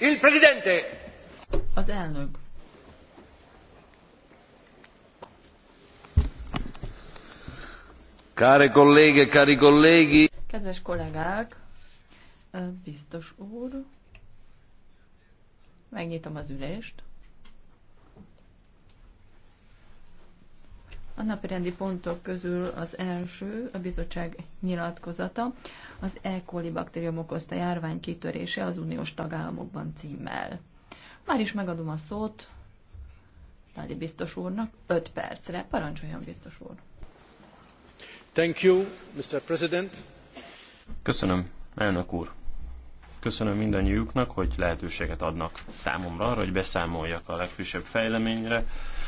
Il Presidente! Az elnök. Care colleghe, cari colleghi! Kedves kollégák, biztos úr, megnyitom az ülést. A napirendi pontok közül az első, a bizottság nyilatkozata, az E. coli baktérium okozta járvány kitörése az uniós tagállamokban címmel. Már is megadom a szót Tádi biztos úrnak 5 percre. Parancsoljon, biztos úr! Thank you, Mr. President. Köszönöm, elnök úr. Köszönöm mindannyiuknak, hogy lehetőséget adnak számomra arra, hogy beszámoljak a legfrissebb fejleményre,